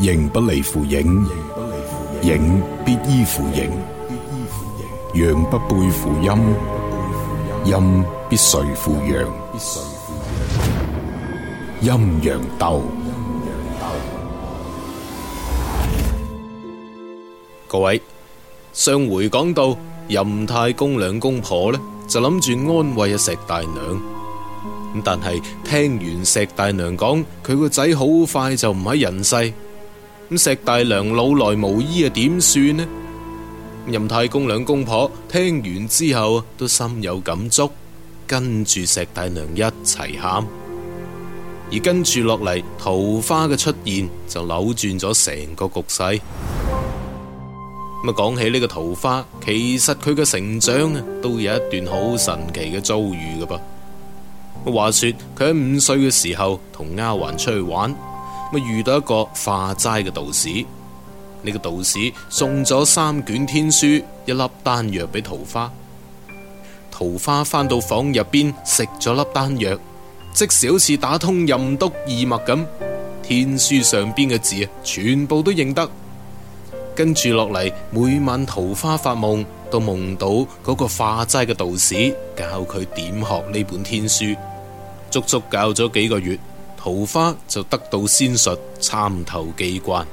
形不離乎影，影必依乎形；陽不背乎陰，陰必隨乎陽。陰陽鬥。各位，上回講到任太公兩公婆呢，就諗住安慰阿石大娘。咁但係聽完石大娘講，佢個仔好快就唔喺人世。咁石大娘老來無依啊，點算呢？任太公兩公婆聽完之後都心有感觸，跟住石大娘一齊喊，而跟住落嚟桃花嘅出現就扭轉咗成個局勢。咁啊，講起呢個桃花，其實佢嘅成長都有一段好神奇嘅遭遇㗎噃。話說佢喺五歲嘅時候同丫鬟出去玩。遇到一個化齋嘅道士，呢個道士送咗三卷天書、一粒丹藥俾桃花，桃花翻到房入邊食咗粒丹藥，即時好似打通任督二脈咁，天書上邊嘅字全部都認得，跟住落嚟每晚桃花發夢都夢到嗰個化齋嘅道士，教佢點學呢本天書，足足教咗幾個月。桃花就得到仙術參透機關，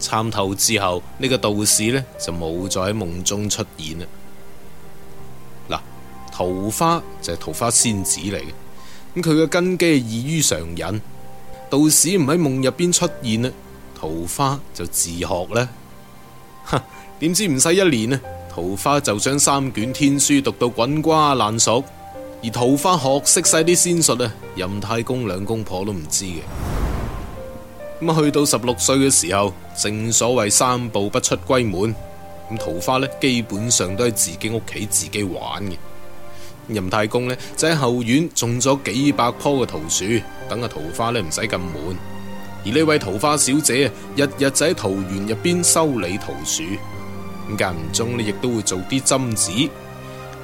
參透之後呢個道士呢就冇再喺夢中出現啦。嗱，桃花就係桃花仙子嚟嘅，咁佢嘅根基異於常人，道士唔喺夢入邊出現啦，桃花就自學呢。哈，點知唔使一年啊，桃花就將三卷天書讀到滾瓜爛熟。而桃花學識晒啲仙術啊，任太公兩公婆都唔知嘅。咁去到十六歲嘅時候，正所謂三步不出閨門，咁桃花咧基本上都係自己屋企自己玩嘅。任太公咧就喺後院種咗幾百棵嘅桃樹，等個桃花咧唔使咁悶。而呢位桃花小姐日日就喺桃園入邊修理桃樹，間唔中呢亦都會做啲針子。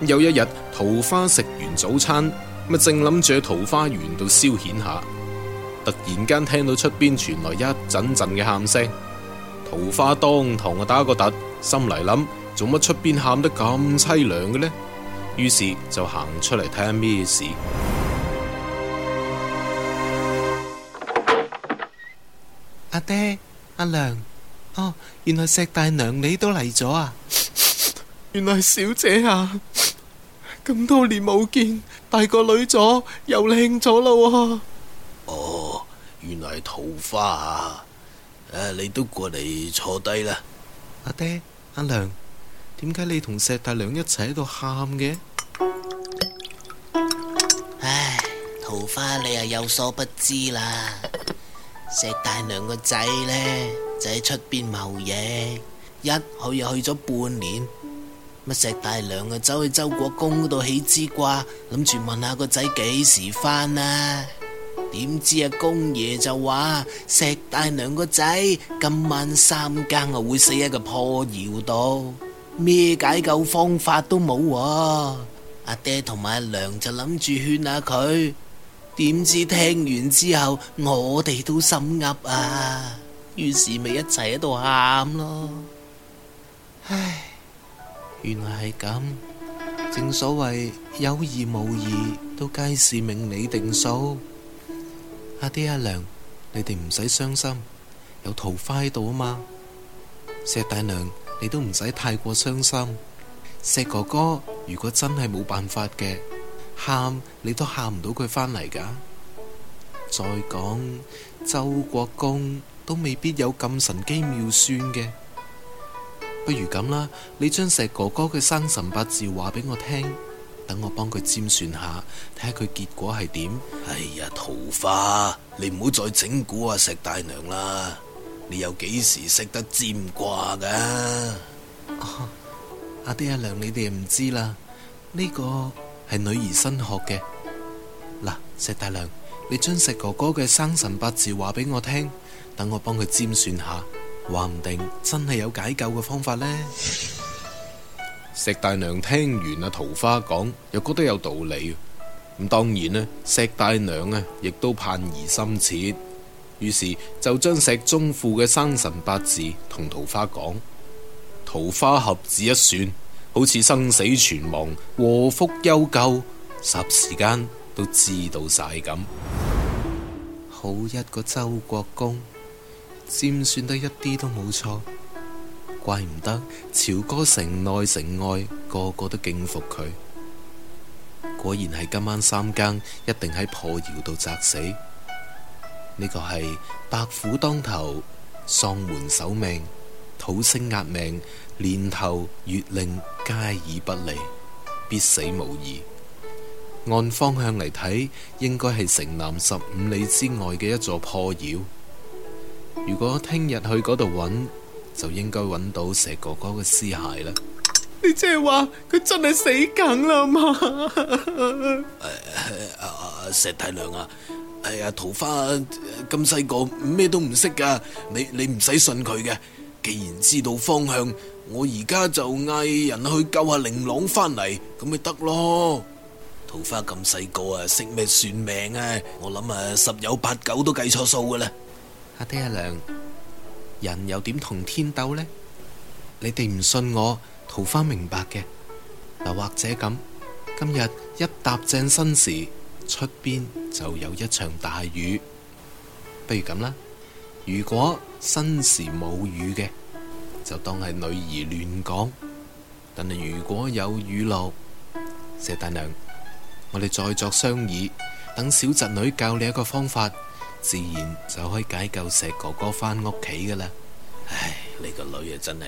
有一日，桃花食完早餐，咪正諗住喺桃花源度消遣下，突然間聽到出邊傳來一陣陣嘅喊聲。桃花當堂啊打個突，心嚟諗，做乜出邊喊得咁淒涼嘅呢？」於是就行出嚟睇下咩事。阿爹，阿娘，哦，原來石大娘你都嚟咗啊！ 原來小姐啊！咁多年冇見，大個女咗，又靚咗啦喎！哦，原來桃花啊！啊，你都過嚟坐低啦。阿爹，阿娘，點解你同石大娘一齊喺度喊嘅？唉，桃花你啊有所不知啦，石大娘個仔呢，就喺出邊貿嘢，一去又去咗半年。乜石大娘啊，走去周國公嗰度起支卦，諗住問下個仔幾時翻啦啊？點知阿公爺就話石大娘個仔今晚三更啊會死喺個破窯度，咩解救方法都冇啊！阿爹同埋阿娘就諗住勸下佢，點知聽完之後我哋都心噏啊，於是咪一齊喺度喊咯，唉。原來係咁，正所謂有意無意，都皆是命理定數。阿爹阿娘，你哋唔使傷心，有桃花喺度啊嘛。石大娘，你都唔使太過傷心。石哥哥，如果真係冇辦法嘅，喊你都喊唔到佢返嚟噶。再講，周國公都未必有咁神機妙算嘅。不如咁啦，你將石哥哥嘅生辰八字話俾我聽，等我幫佢占算下，睇下佢結果係點。哎呀，桃花，你唔好再整蠱阿石大娘啦！你又幾時識得占卦嘅？哦，阿爹阿娘，你哋唔知啦，呢個係女兒新學嘅。嗱，石大娘，你將石哥哥嘅生辰八字話俾我聽，等我幫佢占算下。話唔定真係有解救嘅方法呢。石大娘聽完阿桃花講，又覺得有道理。咁當然呢，石大娘啊，亦都盼兒心切，於是就將石中富嘅生辰八字同桃花講。桃花合指一算，好似生死存亡、禍福休咎，霎時間都知道晒咁。好一個周國公！佔算得一啲都冇錯，怪唔得朝歌城內城外個個都敬服佢。果然係今晚三更，一定喺破窯度砸死。呢、這個係白虎當頭，喪門守命，土星壓命，年頭月令皆已不利，必死無疑。按方向嚟睇，應該係城南十五里之外嘅一座破窯。如果聽日去嗰度揾，就應該揾到石哥哥嘅屍骸啦。你即係話佢真係死梗啦嘛？誒、啊啊，石大娘啊，係啊，桃花咁細個，咩、啊、都唔識噶，你你唔使信佢嘅。既然知道方向，我而家就嗌人去救下玲朗翻嚟，咁咪得咯。桃花咁細個啊，識咩算命啊？我諗啊，十有八九都計錯數噶啦。阿爹阿娘，人又點同天鬥呢？你哋唔信我，桃花明白嘅嗱，又或者咁，今日一踏正申時，出邊就有一場大雨。不如咁啦，如果申時冇雨嘅，就當係女兒亂講；但係如果有雨落，石大娘，我哋再作商議，等小侄女教你一個方法。自然就可以解救石哥哥翻屋企噶啦！唉，你個女啊真係，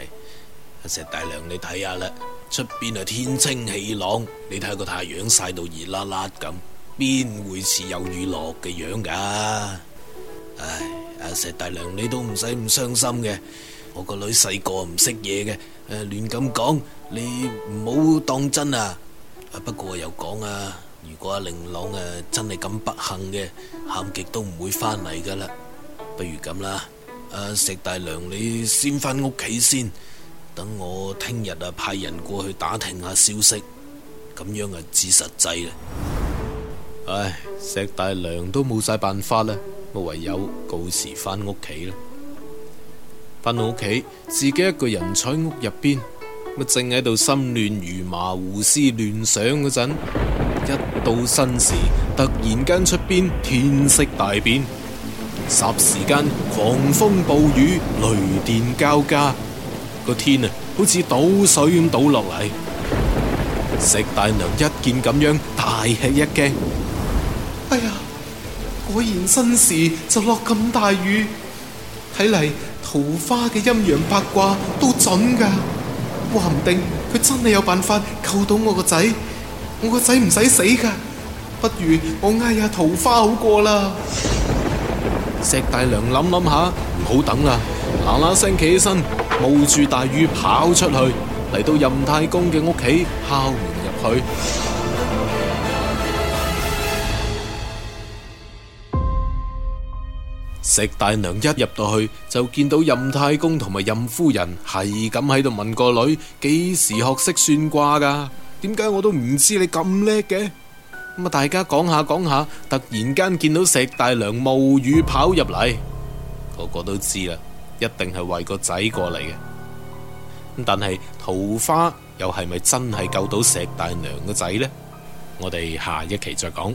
阿石大娘，你睇下啦，出邊啊天清氣朗，你睇個太陽曬到熱辣辣咁，邊會似有雨落嘅樣噶、啊？唉，阿石大娘你都唔使咁傷心嘅，我個女細個唔識嘢嘅，誒亂咁講，你唔好當真啊！不過又講啊。如果阿、啊、令郎、啊、真係咁不幸嘅，喊極都唔會返嚟噶啦，不如咁啦，阿、啊、石大娘你先翻屋企先，等我聽日啊派人過去打聽下消息，咁樣啊至實際啊。唉，石大娘都冇晒辦法啦，唯有告辭翻屋企啦。翻到屋企，自己一個人喺屋入邊，我正喺度心亂如麻，胡思亂想嗰陣。一到申時，突然間出邊天色大變，霎時間狂風暴雨、雷電交加，個天啊，好似倒水咁倒落嚟。石大娘一見咁樣，大吃一驚。哎呀，果然申時就落咁大雨，睇嚟桃花嘅陰陽八卦都準㗎，話唔定佢真係有辦法救到我個仔。我個仔唔使死噶，不如我嗌下桃花好過啦。石大娘諗諗下，唔好等啦，嗱嗱聲企起身，冒住大雨跑出去，嚟到任太公嘅屋企敲門入去。石大娘一入到去，就見到任太公同埋任夫人係咁喺度問個女幾時學識算卦噶。點解我都唔知你咁叻嘅？咁啊，大家講下講下，突然間見到石大娘冒雨跑入嚟，個個都知啦，一定係為個仔過嚟嘅。但係桃花又係咪真係救到石大娘個仔呢？我哋下一期再講。